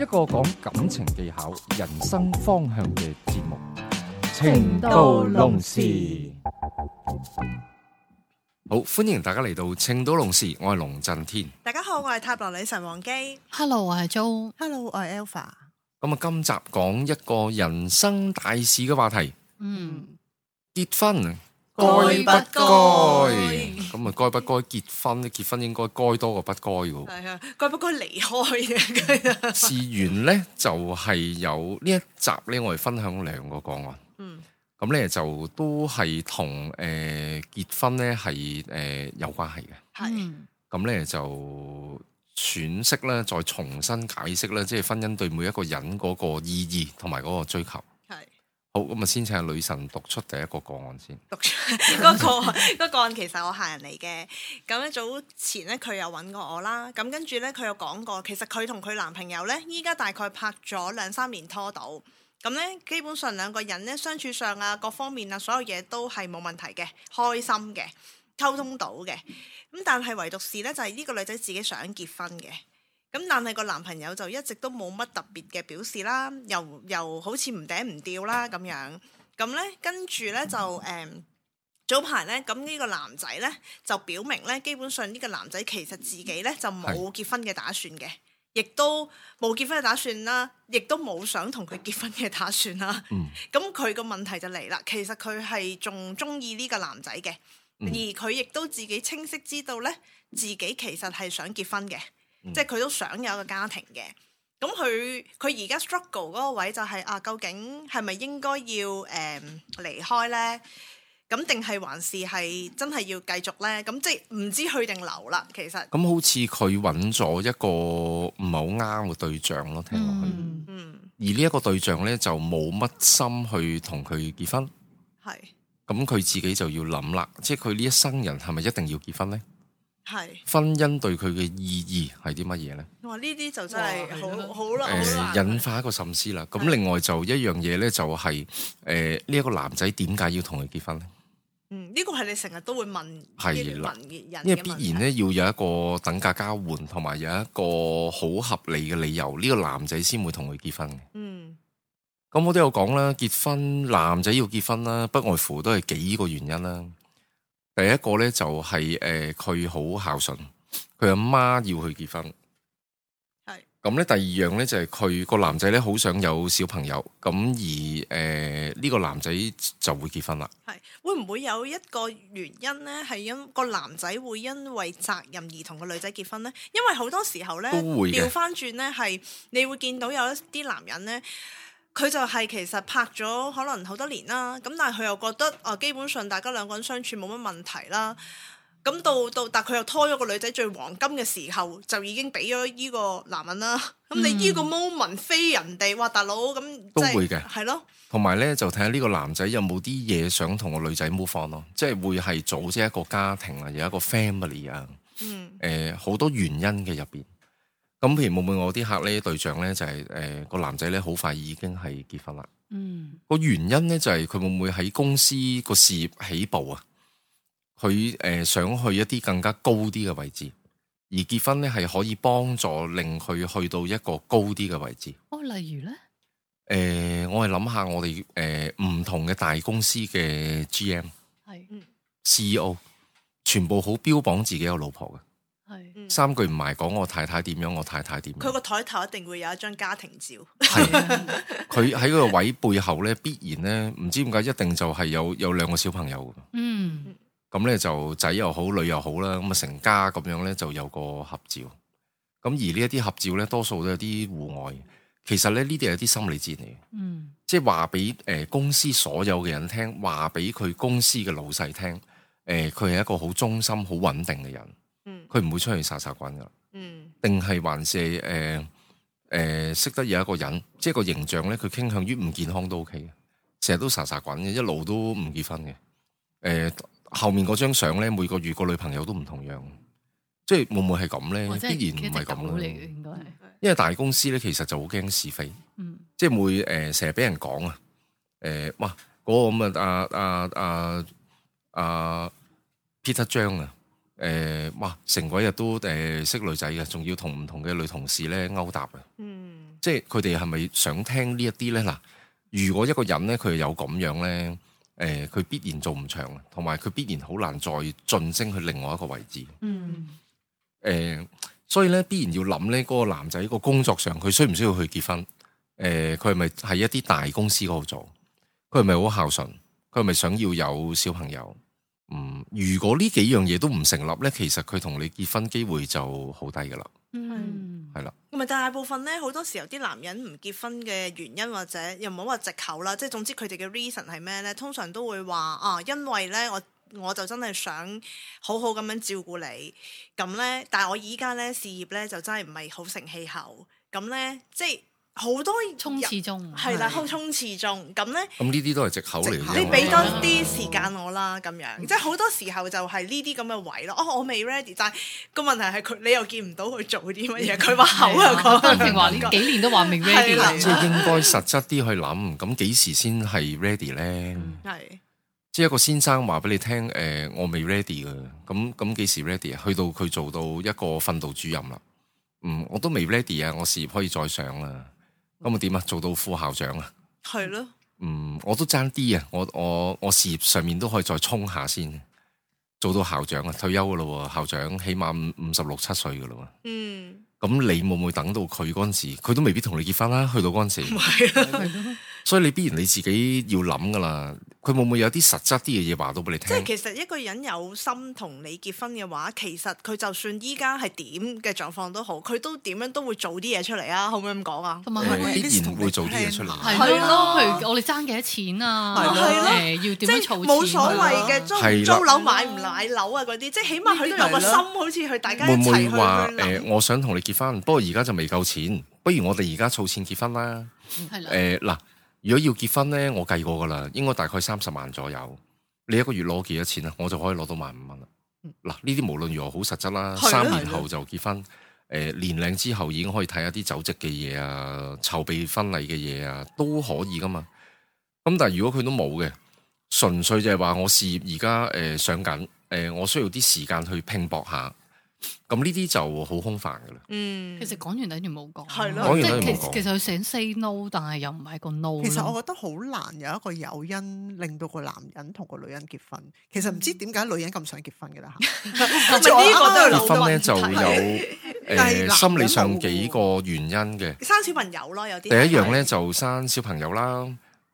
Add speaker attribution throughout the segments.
Speaker 1: 一個講感情技巧、人生方向嘅節目《情到濃時》好歡迎大家嚟到《情到濃時》。我係龍震天。大
Speaker 2: 家好，我係塔羅女神王姬。Hello，我係 Jo。Hello，我係 Alpha。
Speaker 1: 咁啊，今集講一個人生大事嘅話題，嗯，結婚。
Speaker 2: 該唔該
Speaker 1: 咁啊？該唔該結婚咧？結婚應該該多過唔該噶。
Speaker 2: 係啊，該唔該離開嘅？
Speaker 1: 事緣咧就係有呢一集咧，我哋分享兩個個案。嗯，咁咧就都係同誒結婚咧係誒有關係嘅。係的，咁咧就詮釋啦，再重新解釋啦，即係婚姻對每一個人嗰個意義同埋嗰個追求。好，咁啊，先請女神讀出第一個個案先。
Speaker 2: 嗰個、嗰個個案，嗰個、案其實我客人嚟嘅。咁咧早前咧，佢又揾過我啦。咁跟住咧，佢又講過，其實佢同佢男朋友咧，依家大概拍咗兩三年拖到。咁咧，基本上兩個人咧相處上啊，各方面啊，所有嘢都係冇問題嘅，開心嘅，溝通到嘅。咁但係唯獨是咧，就係、是、呢個女仔自己想結婚嘅。咁但係個男朋友就一直都冇乜特別嘅表示啦，又又好似唔頂唔掉啦咁樣。咁咧跟住咧就誒，早排咧咁呢個男仔咧就表明咧，基本上呢個男仔其實自己咧就冇結婚嘅打算嘅，亦是都冇結婚嘅打算啦、啊，亦都冇想同佢結婚嘅打算啦、啊。咁佢個問題就嚟啦，其實佢係仲中意呢個男仔嘅，嗯、而佢亦都自己清晰知道咧，自己其實係想結婚嘅。嗯、即係佢都想有一個家庭嘅，咁佢佢而家 struggle 嗰個位就係、是、啊，究竟係咪應該要誒離、呃、開呢？咁定係還是係真係要繼續呢？咁即係唔知去定留啦。其實
Speaker 1: 咁、嗯、好似佢揾咗一個唔係好啱嘅對象咯，聽落去。
Speaker 2: 嗯、
Speaker 1: 而呢一個對象呢，就冇乜心去同佢結婚。
Speaker 2: 係是。
Speaker 1: 咁佢自己就要諗啦，即係佢呢一生人係咪一定要結婚呢？係是婚姻對佢嘅意義係啲乜嘢咧？
Speaker 2: 哇！呢啲就真係好好難。誒、呃，引
Speaker 1: 發一個心思啦。咁另外就的一樣嘢咧，就係誒呢一個男仔點解要同佢結婚咧？嗯，
Speaker 2: 呢個係你成日都會問啲嘅人，的人嘅問題。因為必然
Speaker 1: 咧要有一個等價交換，同埋有一個好合理嘅理由，呢、這個男仔先會同佢結婚嘅。嗯。咁我都有講啦，結婚男仔要結婚啦，不外乎都係幾個原因啦。第一個咧就係誒佢好孝順，佢阿媽要去結婚，係咁咧。第二樣咧就係、是、佢個男仔咧好想有小朋友，咁而誒呢、呃這個男仔就會結婚啦。係
Speaker 2: 會唔會有一個原因咧？係因個男仔會因為責任而同個女仔結婚咧？因為好多時候咧，調翻轉咧係你會見到有一啲男人咧。佢就係其實拍咗可能好多年啦，咁但係佢又覺得啊，基本上大家兩個人相處冇乜問題啦。咁到到，但佢又拖咗個女仔最黃金嘅時候，就已經俾咗依個男人啦。咁、嗯、你依個 moment 飛人哋，哇，大佬咁，就係、都會嘅，係咯的。
Speaker 1: 同埋咧就睇下呢個男仔有冇啲嘢想同個女仔 move on 咯，即係會係組織一個家庭啊，有一個 family 啊、嗯，誒好、呃、多原因嘅入邊。咁譬如會唔會我啲客呢，對象呢就係誒個男仔呢，好快已經係結婚啦，嗯，個原因呢，就係佢會唔會喺公司個事業起步啊，佢誒、呃、想去一啲更加高啲嘅位置，而結婚呢係可以幫助令佢去到一個高啲嘅位置。
Speaker 3: 哦，例如呢，
Speaker 1: 誒、呃，我係諗下我哋誒唔同嘅大公司嘅 G M 係是，C E O 全部好標榜自己有老婆嘅。是嗯、三句唔係講我太太點樣，我太太點樣。佢
Speaker 2: 個台頭一定會有一張家庭照。係
Speaker 1: 的，佢喺嗰個位背後咧，必然咧唔知點解，一定就係有有兩個小朋友。嗯，咁咧、嗯、就仔又好，女又好啦。咁啊成家咁樣咧就有個合照。咁而呢一啲合照咧，多數都有啲戶外。其實咧呢啲係啲心理戰嚟嘅。嗯，即係話俾誒公司所有嘅人聽話，俾佢公司嘅老細聽。誒、呃，佢係一個好忠心、好穩定嘅人。佢唔會出去沙沙滾，噶，嗯，定係還是係誒誒識得有一個人，即係個形象咧，佢傾向於唔健康都 OK 嘅，成日都沙沙滾嘅，一路都唔結婚嘅。誒，後面嗰張相咧，每個月個女朋友都唔同樣，即係會唔會係咁咧？必然唔係咁嘅，應該係，因為大公司咧其實就好驚是非，即係會誒成日俾人講啊，誒，哇，嗰個咁啊，阿阿阿阿 Peter 張啊！誒、呃，哇！成鬼日都誒、呃，識女仔嘅，仲要同唔同嘅女同事咧勾搭嘅。嗯，即係佢哋係咪想聽呢一啲咧？嗱，如果一個人咧佢有咁樣咧，誒、呃，佢必然做唔長，同埋佢必然好難再晉升去另外一個位置。嗯，誒、呃，所以咧必然要諗咧嗰個男仔個工作上，佢需唔需要去結婚？誒、呃，佢係咪喺一啲大公司嗰度做？佢係咪好孝順？佢係咪想要有小朋友？如果呢幾樣嘢都唔成立呢，其實佢同你結婚機會就好低㗎喇。係
Speaker 2: 係啦，同埋了大部分呢，好多時候啲男人唔結婚嘅原因，或者又唔好話借口啦，即係總之佢哋嘅 reason 係咩呢？通常都會話啊，因為呢，我我就真係想好好咁樣照顧你，咁呢，但係我依家呢事業呢，就真係唔係好成氣候，咁呢，即係。好多衝刺中，係啦，好衝刺中咁咧。
Speaker 1: 咁呢啲都係藉口嚟嘅。你俾多啲
Speaker 2: 時間我啦，咁樣即係好多時候就係呢啲咁嘅位咯。哦，我未 ready，但係個問題係佢，你又見唔到佢做啲乜嘢。佢話口又講，幾
Speaker 3: 年都話未 ready，即應
Speaker 1: 該實質啲去諗。咁幾時先係 ready 咧？係即係一個先生話俾你聽，誒，我未 ready 嘅。咁咁幾時 ready 啊？去到佢做到一個訓導主任啦。嗯，我都未 ready 啊，我事業可以再上啊。咁我點啊做到副校長啊？
Speaker 2: 係咯的，
Speaker 1: 嗯，我都爭啲啊，我我我事業上面都可以再衝下先，做到校長啊，退休噶咯，校長起碼五十六七歲噶咯，嗯，咁你會唔會等到佢嗰陣時，佢都未必同你結婚啦，去到嗰陣時。 所以你必然你自己要諗噶啦，佢會唔會有啲實質啲嘅嘢話到俾你聽？即係
Speaker 2: 其實一個人有心同你結婚嘅話，其實佢就算依家係點嘅狀況都好，佢都點樣都會做啲嘢出嚟啊？可唔可以咁講啊？同埋佢必然
Speaker 1: 會做啲嘢出嚟，係
Speaker 2: 咯？譬如我哋爭幾多錢啊？係咯？誒，要點樣儲錢？冇所謂嘅，租租樓買唔買樓啊？嗰啲即係起碼佢都有個心，好似佢大家一齊會唔會話
Speaker 1: 誒？我想同你結婚，不過而家就未夠錢，不如我哋而家儲錢結婚啦？
Speaker 2: 係啦，誒
Speaker 1: 嗱。如果要結婚呢，我計過噶啦，應該大概三十萬左右。你一個月攞幾多錢啊？我就可以攞到萬五蚊啦。嗱、嗯，呢啲無論如何好實質啦，三的年後就結婚。誒的、呃，年零之後已經可以睇一啲酒席嘅嘢啊，籌備婚禮嘅嘢啊，都可以噶嘛。咁但係如果佢都冇嘅，純粹就係話我事業而家誒上緊，誒、呃呃、我需要啲時間去拼搏下。咁呢啲就好空泛噶啦。嗯，
Speaker 3: 其實講完等於冇講，係啦的。即係其其實佢想 say no，但係又唔係個 no。其實我覺
Speaker 2: 得好難有一個誘因令到個男人同個女人結婚。嗯、其實唔知點解女人咁想結婚嘅啦吓。呢 個都係結婚咧就有
Speaker 1: 誒 是心理上幾個原因嘅。
Speaker 2: 生小朋友咯，有啲。第一樣咧
Speaker 1: 就生小朋友啦，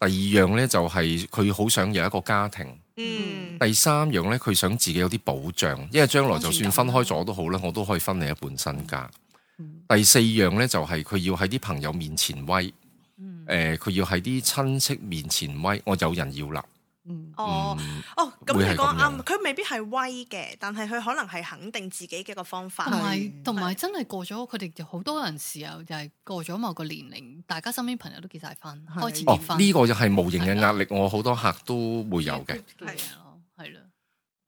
Speaker 1: 第二樣咧就係佢好想有一個家庭。嗯，第三樣呢，佢想自己有啲保障，因為將來就算分開咗都好咧，我都可以分你一半身家。嗯、第四樣呢，就係、是、佢要喺啲朋友面前威，誒、嗯，佢、呃、要喺啲親戚面前威，我有人要啦。
Speaker 2: 嗯，哦，哦，咁你講啱，佢、嗯、未必係威嘅，但係佢可能係肯定自己嘅個方法。係有，同埋是真係過
Speaker 3: 咗，佢哋就好多人時候就係過咗某個年齡，大家身邊朋友都結晒婚，是開始結婚。呢、哦這個就係無形嘅
Speaker 1: 壓力，的我好多客都會有嘅。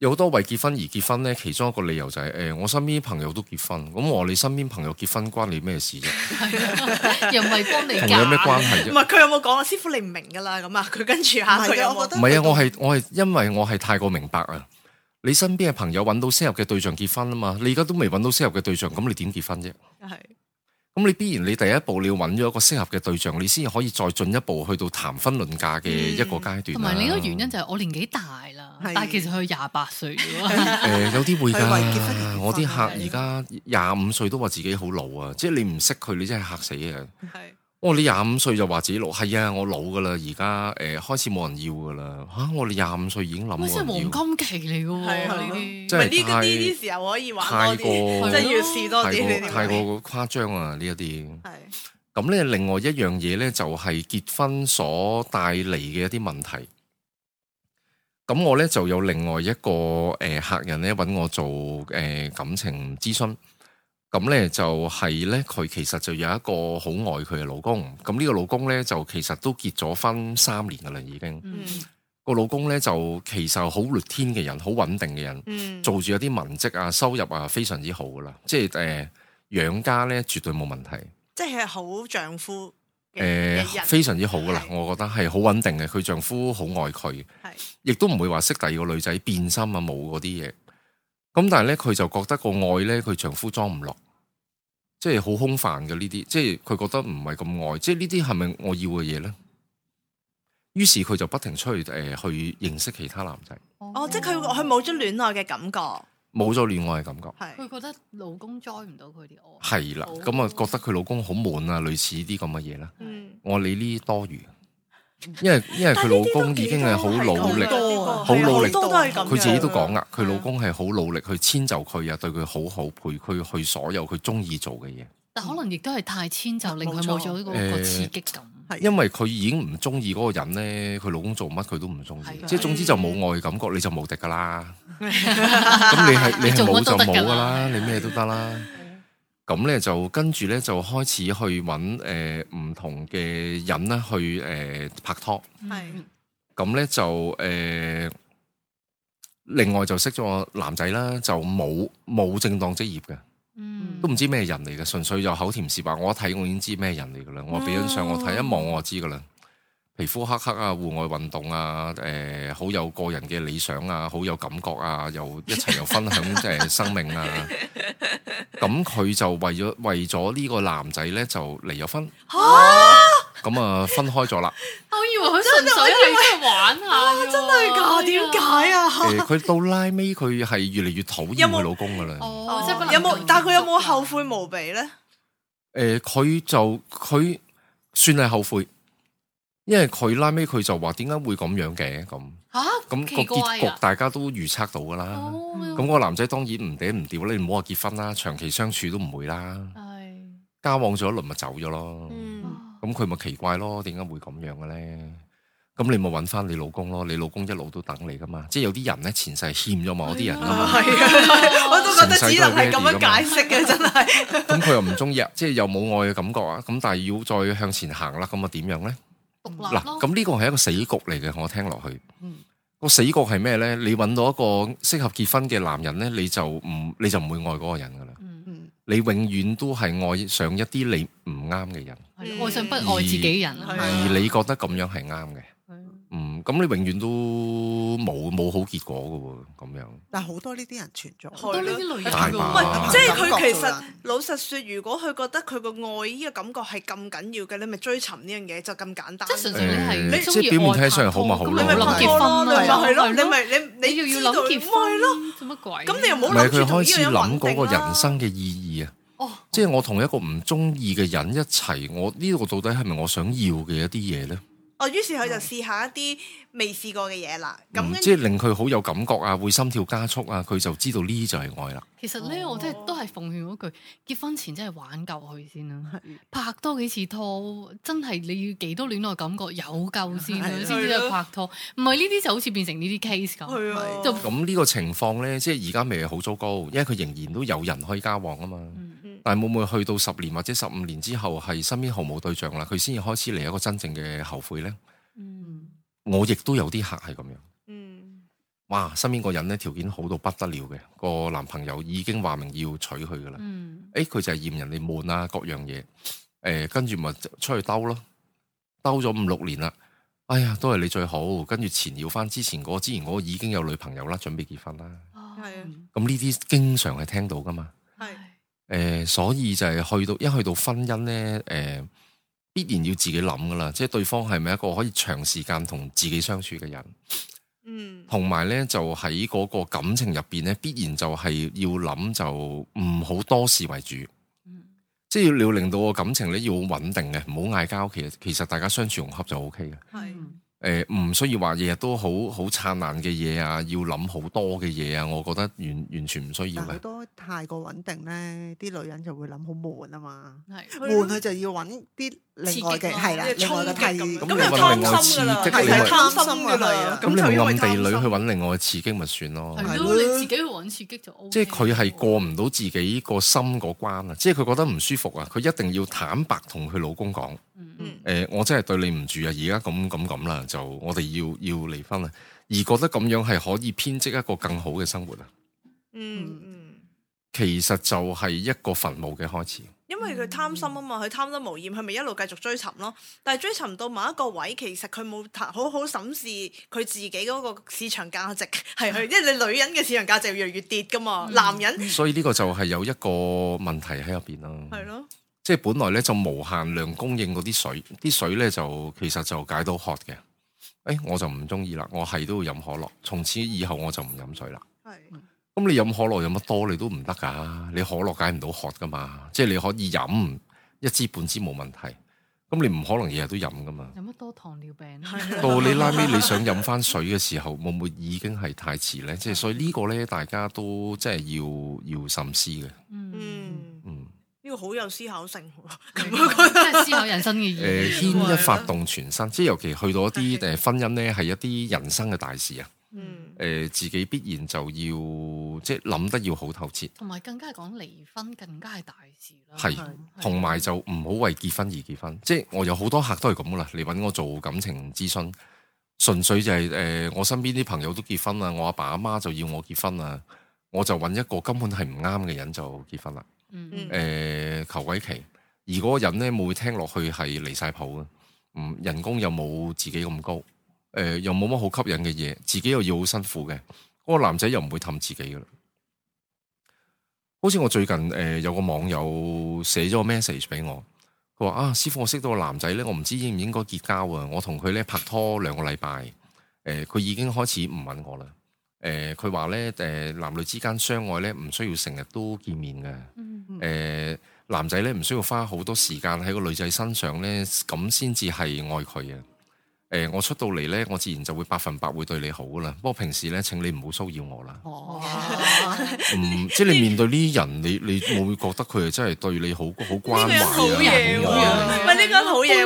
Speaker 1: 有好多為結婚而結婚咧，其中一個理由就係、是、誒、欸，我身邊朋友都結婚，咁我，你身邊朋友結婚關你咩事啫？又唔
Speaker 2: 係幫你，朋友 有咩關係啫？唔係佢有冇講啊？師傅你唔明噶啦，咁啊，佢跟住下佢，有有我
Speaker 1: 覺得唔係啊！我係我係因為我係太過明白啊！你身邊嘅朋友揾到適合嘅對象結婚啊嘛，你而家都未揾到適合嘅對象，咁你點結婚啫？係。咁你必然你第一步你要揾咗一個適合嘅對象，你先可以再進一步去到談婚論嫁嘅一個階段。唔係，同埋另一個原
Speaker 3: 因就係我年紀大啦，的但係其實佢廿八歲。誒、 呃，有啲會噶，的
Speaker 1: 我啲客而家廿五歲都話自己好老啊，的即係你唔識佢，你真係嚇死啊！我、哦、你廿五歲就話自己老，係啊，我老噶啦，而家誒開始冇人要噶啦吓，我哋廿五歲已經諗，哇，真係
Speaker 3: 黃金期嚟
Speaker 2: 噶喎，係啊，呢啲，真係呢啲呢啲時候可以玩我啲，太過，真係要試多啲，太過
Speaker 1: 誇張啊，的呢一啲係。咁咧，另外一樣嘢咧，就係、是、結婚所帶嚟嘅一啲問題。咁我咧就有另外一個誒、呃、客人咧揾我做誒、呃、感情諮詢。咁咧就係咧，佢其實就有一個好愛佢嘅老公。咁、這、呢個老公咧就其實都結咗婚三年噶啦，已經。嗯，個老公咧就其實好逆天嘅人，好穩定嘅人。嗯，做住有啲文職啊，收入啊非常之好噶啦，即係誒養家咧絕對冇問題。
Speaker 2: 即係好丈夫
Speaker 1: 誒，非常之好噶啦。我覺得係好穩定嘅，佢丈夫好愛佢，係亦都唔會話識第二個女仔變心啊，冇嗰啲嘢。咁但係咧，佢就覺得個愛咧，佢丈夫裝唔落，即係好空泛嘅呢啲，即係佢覺得唔係咁愛，即係呢啲係咪我要嘅嘢咧？於是佢就不停出去誒、呃、去認識其他男仔。
Speaker 2: 哦，即係佢佢冇咗戀愛嘅感覺，
Speaker 1: 冇咗戀愛嘅感覺。係
Speaker 2: 佢是覺得老公載唔到佢啲
Speaker 1: 愛。係啦的，咁啊了覺得佢老公好悶啊，類似啲咁嘅嘢啦。嗯，我理呢啲多餘。因為因為佢老公已經係好努力，好努力多，佢自己都講啦，佢老公係好努力去遷就佢啊，對佢好好，陪佢去所有佢中意做嘅嘢。
Speaker 3: 但可能亦都係太遷就，令佢冇咗呢個刺激感。係因
Speaker 1: 為佢已經唔中意嗰個人咧，佢老公做乜佢都唔中意，即係總之就冇愛嘅感覺，你就冇敵噶啦。
Speaker 3: 咁你係你係冇就冇噶啦，
Speaker 1: 你咩都得啦。咁咧就跟住咧就開始去揾誒唔同嘅人咧去誒、呃、拍拖，係咁咧就誒、呃、另外就識咗個男仔啦，就冇冇正當職業嘅，嗯，都唔知咩人嚟嘅，純粹就口甜舌滑，我一睇我已經知咩人嚟噶啦，我俾張相我睇、哦、一望我就知噶啦。皮膚黑黑啊，戶外運動啊，誒、呃，好有個人嘅理想啊，好有感覺啊，又一齊又分享即係生命 生啊，咁佢就為咗為咗呢個男仔咧就離咗婚，吓？咁啊分開咗啦。
Speaker 2: 我以為佢純粹一齊玩啊！真係噶？點解啊？
Speaker 1: 佢、啊 呃、到拉尾佢係越嚟越討厭佢老公噶啦。哦，
Speaker 2: 有冇？但係佢有冇後悔無比咧？
Speaker 1: 誒、呃，佢就佢算係後悔。因為佢拉尾佢就話，點解會咁樣嘅咁。吓，咁個結局大家都預測到噶啦，咁個男仔當然唔頂唔掉，你唔好話結婚啦，長期相處都唔會啦，交往咗一輪咪走咗咯，咁佢咪奇怪咯，點解會咁樣嘅咧？咁你咪揾翻你老公咯，你老公一路都等你噶嘛，即係有啲人咧前世欠咗某啲人啊嘛，
Speaker 2: 我都覺得只能係咁樣解釋嘅，真
Speaker 1: 係。咁佢又唔中意，即係又冇愛嘅感覺啊！咁但係要再向前行啦，咁啊點樣咧？嗱，咁呢個係一個死局嚟嘅，我聽落去。個死局係咩咧？你揾到一個適合結婚嘅男人咧，你就唔，你就唔會愛嗰個人噶啦。你永遠都係愛上一啲你唔啱嘅人，
Speaker 3: 愛上不愛自己人。
Speaker 1: 而你覺得咁樣係啱嘅，嗯，咁你永遠都。冇冇好結果嘅喎，咁
Speaker 2: 樣。但係好多呢啲人存在，好多呢啲類型唔係，即係佢其實老實説，如果佢覺得佢個愛呢個感覺係咁緊要嘅，你咪追尋呢樣嘢就咁簡單。即係你係你，即係表面聽
Speaker 1: 上去好美好，好結婚啦，你咪係咯，你咪你
Speaker 2: 你要要諗結婚。唔係咯，做乜鬼？咁你又冇諗住呢開始諗嗰個人生
Speaker 1: 嘅意義啊。哦，即係我同一個唔中意嘅人一齊，我呢個到底係咪我想要嘅一啲嘢咧？
Speaker 2: 哦，於是佢就試下一啲未試過嘅嘢啦，
Speaker 1: 咁、嗯、那即係令佢好有感覺啊，會心跳加速啊，佢就知道呢啲就係愛啦。
Speaker 2: 其實咧，哦、我真係都係奉勸嗰句，結婚前真
Speaker 3: 係玩夠佢先啦，的拍多幾次拖，真係你要幾多戀愛感覺有夠先先的拍拖。唔係呢啲就好似變成呢啲 case 咁，
Speaker 1: 咁呢的就個情況咧，即係而家未係好糟糕，因為佢仍然都有人可以交往啊嘛。嗯但係會唔會去到十年或者十五年之後，係身邊毫無對象啦，佢先至開始嚟一個真正嘅後悔呢。嗯，我亦都有啲客係咁樣，嗯，哇，身邊個人咧條件好到不得了嘅，個男朋友已經話明要娶佢噶啦，嗯，佢、欸、就係嫌人哋悶啊，各樣嘢，誒、呃，跟住咪出去兜咯，兜咗五六年啦，哎呀，都係你最好，跟住纏繞翻之前嗰、嗰個，之前嗰個已經有女朋友啦，準備結婚啦，係啊、
Speaker 3: 哦，
Speaker 1: 咁呢啲經常係聽到噶嘛。誒、呃，所以就係去到一去到婚姻呢，誒、呃，必然要自己諗噶啦，即係對方係咪一個可以長時間同自己相處嘅人？嗯，同埋呢，就喺嗰個感情入邊呢，必然就係要諗就唔好多事為主，嗯、即係要令到個感情呢要穩定嘅，唔好嗌交。其實其實大家相處融洽就 O K 嘅。是嗯誒唔需要話日日都好好燦爛嘅嘢啊，要諗好多嘅嘢啊，我覺得完完全唔需要嘅。多，太過穩定咧，啲女人就會諗好悶啊嘛，係悶佢就要揾
Speaker 2: 啲另外嘅係啦，衝擊咁樣貪心㗎啦，係貪心㗎啦，咁你暗
Speaker 1: 地女去揾另外嘅刺激咪算咯？係咯，你自己
Speaker 3: 去揾刺激就 O。即係佢
Speaker 1: 係過唔到自己個心嗰關啊，即係佢覺得唔舒服啊，佢一定要坦白同佢老公講。誒、嗯呃，我真係對你唔住啊！而家咁咁咁啦，就我哋要要離婚啦，而覺得咁樣係可以編織一個更好嘅生活啊？嗯嗯，其實就係一個墳墓嘅開始。
Speaker 2: 因為佢貪心啊嘛，佢貪得無厭，佢咪一路繼續追尋咯。但係追尋到某一個位，其實佢冇好好審視佢自己嗰個市場價值係去， 因為你女人嘅市場價值越嚟越跌噶嘛，嗯、男人。所
Speaker 1: 以呢個就係有一個問題喺入邊咯。係咯。即係本來咧就無限量供應嗰啲水，啲水咧就其實就解到渴嘅。誒、哎，我就唔中意啦，我係都要飲可樂，從此以後我就唔飲水啦。係是。咁你飲可樂飲得多，你，多你都唔得噶，你可樂解唔到渴噶嘛。即係你可以飲一支半支冇問題，咁你唔可能日日都飲噶嘛。飲得多
Speaker 3: 糖尿
Speaker 2: 病？ 到你拉尾你想飲
Speaker 1: 翻水嘅時候，會唔會已經係太遲咧？即係所以個呢個咧，大家都即係要要慎思嘅。嗯。
Speaker 2: 好有思考性，
Speaker 3: 真係思考人生嘅嘢。誒、呃，牽一
Speaker 1: 髮動全身，的即係尤其去到一啲誒婚姻咧，係的一啲人生嘅大事啊。嗯。誒、呃，自己必然就要即係諗得要好透徹。同
Speaker 3: 埋更加係講離婚，更加係大事啦。係的。同埋的
Speaker 1: 就唔好為結婚而結婚，即係我有好多客都係咁噶啦，嚟搵我做感情諮詢，純粹就係、是、誒、呃，我身邊啲朋友都結婚啦，我阿爸阿媽就要我結婚啦，我就搵一個根本係唔啱嘅人就結婚啦。誒、嗯嗯，呃，求鬼奇，而嗰個人咧冇會聽落去係離晒譜嘅。嗯，人工又冇自己咁高，誒、呃，又冇乜好吸引嘅嘢，自己又要好辛苦嘅，嗰、那個男仔又唔會氹自己噶啦。好似我最近誒、呃、有個網友寫咗個 message 俾我，佢話啊，師傅我識到個男仔咧，我唔知應唔應該結交啊，我同佢咧拍拖兩個禮拜，誒、呃，佢已經開始唔揾我啦，誒、呃，佢話咧誒男女之間相愛咧唔需要成日都見面嘅。誒、呃、男仔咧唔需要花好多時間喺個女仔身上咧，咁先至係愛佢啊！誒、欸，我出到嚟咧，我自然就會百分百會對你好噶啦。不過平時咧，請你唔好騷擾我啦。哦、啊 嗯，即係你面對呢啲人，你你會唔會覺得佢係真係對你好好關懷啊？呢個好嘢，啊，唔係呢個好
Speaker 2: 嘢。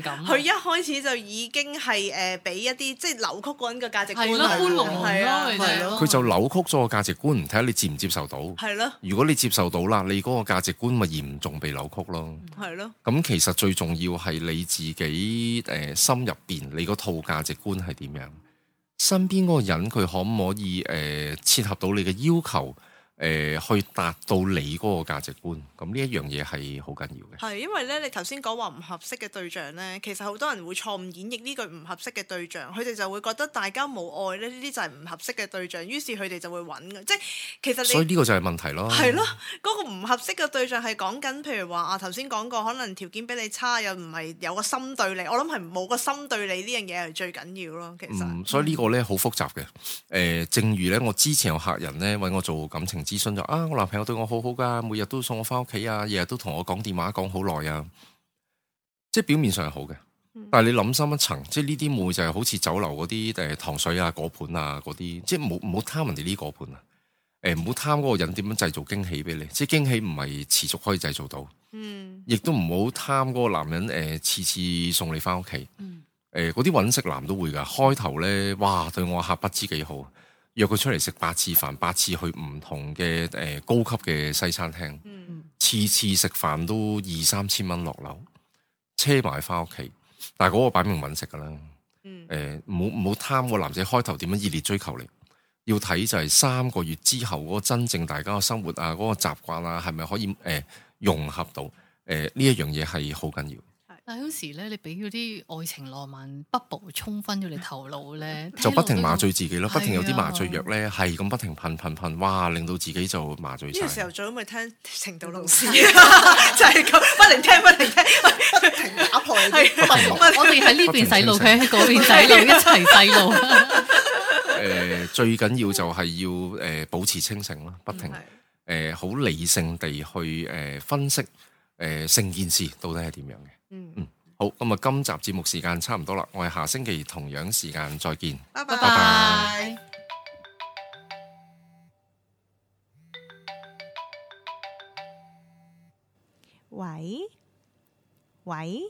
Speaker 2: 佢一開始就已經係誒，俾、呃、一啲即係扭曲嗰人嘅價值觀。係咯的，寬龍門係啊，
Speaker 1: 佢就扭曲咗個價值觀，睇下你接唔接受到。係咯的。如果你接受到啦，你嗰個價值觀咪嚴重被扭曲咯。係咯的。咁的其實最重要係你自己誒、呃，深入邊，你個套價值觀係點樣？身邊嗰個人，佢可唔可以誒、呃，切合到你嘅要求？誒去達到你嗰個價值觀，咁呢一樣嘢係好緊要
Speaker 2: 嘅。係因為咧，你頭先講話唔合適嘅對象咧，其實好多人會錯誤演繹呢句唔合適嘅對象，佢哋就會覺得大家冇愛咧，呢啲就係唔合適嘅對象，於是佢哋就會揾，即係其實你。所以呢個就係問
Speaker 1: 題咯。係咯，
Speaker 2: 嗰個唔合適嘅對象係講緊，譬如話啊，頭先講過，可能條件比你差，又唔係有個心對你，我諗係冇個心對你呢樣嘢係最緊要咯。其實，嗯、所以呢
Speaker 1: 個咧好複雜嘅。誒、呃，正如咧，我之前有客人咧揾我做感情。自信就啊，我男朋友對我好好噶，每日都送我翻屋企啊，日日都同我講電話講好耐啊，即係表面上係好嘅，但係你諗深一層，即係呢啲妹就係好似酒樓嗰啲誒糖水啊、果盤啊嗰啲，即係唔好唔好貪人哋呢果盤啊，誒唔好貪嗰個人點樣製造驚喜俾你，即係驚喜唔係持續可以製造到，嗯，亦都唔好貪嗰個男人誒次、欸、次送你翻屋企，誒嗰啲搵食男都會噶，開頭咧哇對我下不知幾好。約佢出嚟食八次飯，八次去唔同嘅誒、呃、高級嘅西餐廳，嗯、次次食飯都二三千蚊落樓，車埋翻屋企。但係嗰個擺明揾食噶啦，誒、嗯，唔好唔好貪個男仔開頭點樣熱烈追求你，要睇就係三個月之後嗰個真正大家嘅生活啊，嗰、嗰個習慣啊，係咪可以誒、呃、融合到？誒呢一樣嘢係好緊要。
Speaker 3: 但有時咧，你俾嗰啲愛情浪漫 bubble 沖昏咗你頭腦咧， 就不停麻醉自己咯、啊，不停有啲麻醉
Speaker 1: 藥咧，係咁不停噴噴噴，哇，令到自己就麻醉。呢個時
Speaker 2: 候最好咪聽程度老師，啊、 就係咁不停聽不停聽，不停打破。我哋喺呢邊洗腦，佢喺嗰邊洗腦，一齊洗腦。
Speaker 1: 誒、 呃，最緊要就係要誒保持清醒啦，不停誒好、啊呃、理性地去誒分析。誒，成、呃、件事到底係點樣嘅？嗯嗯，好，咁啊，今集節目時間差唔多啦，我哋下星期同樣時間再見。
Speaker 3: 拜拜拜拜喂。
Speaker 2: 喂喂，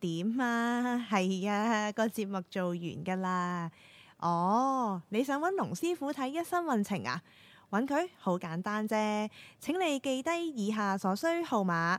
Speaker 2: 點啊？係啊，個節目做完噶啦。哦，你想揾龍師傅睇一生運程啊？揾佢好簡單啫，請你記低以下所需號碼。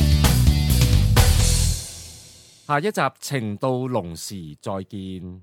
Speaker 1: 下一集情到濃時再見。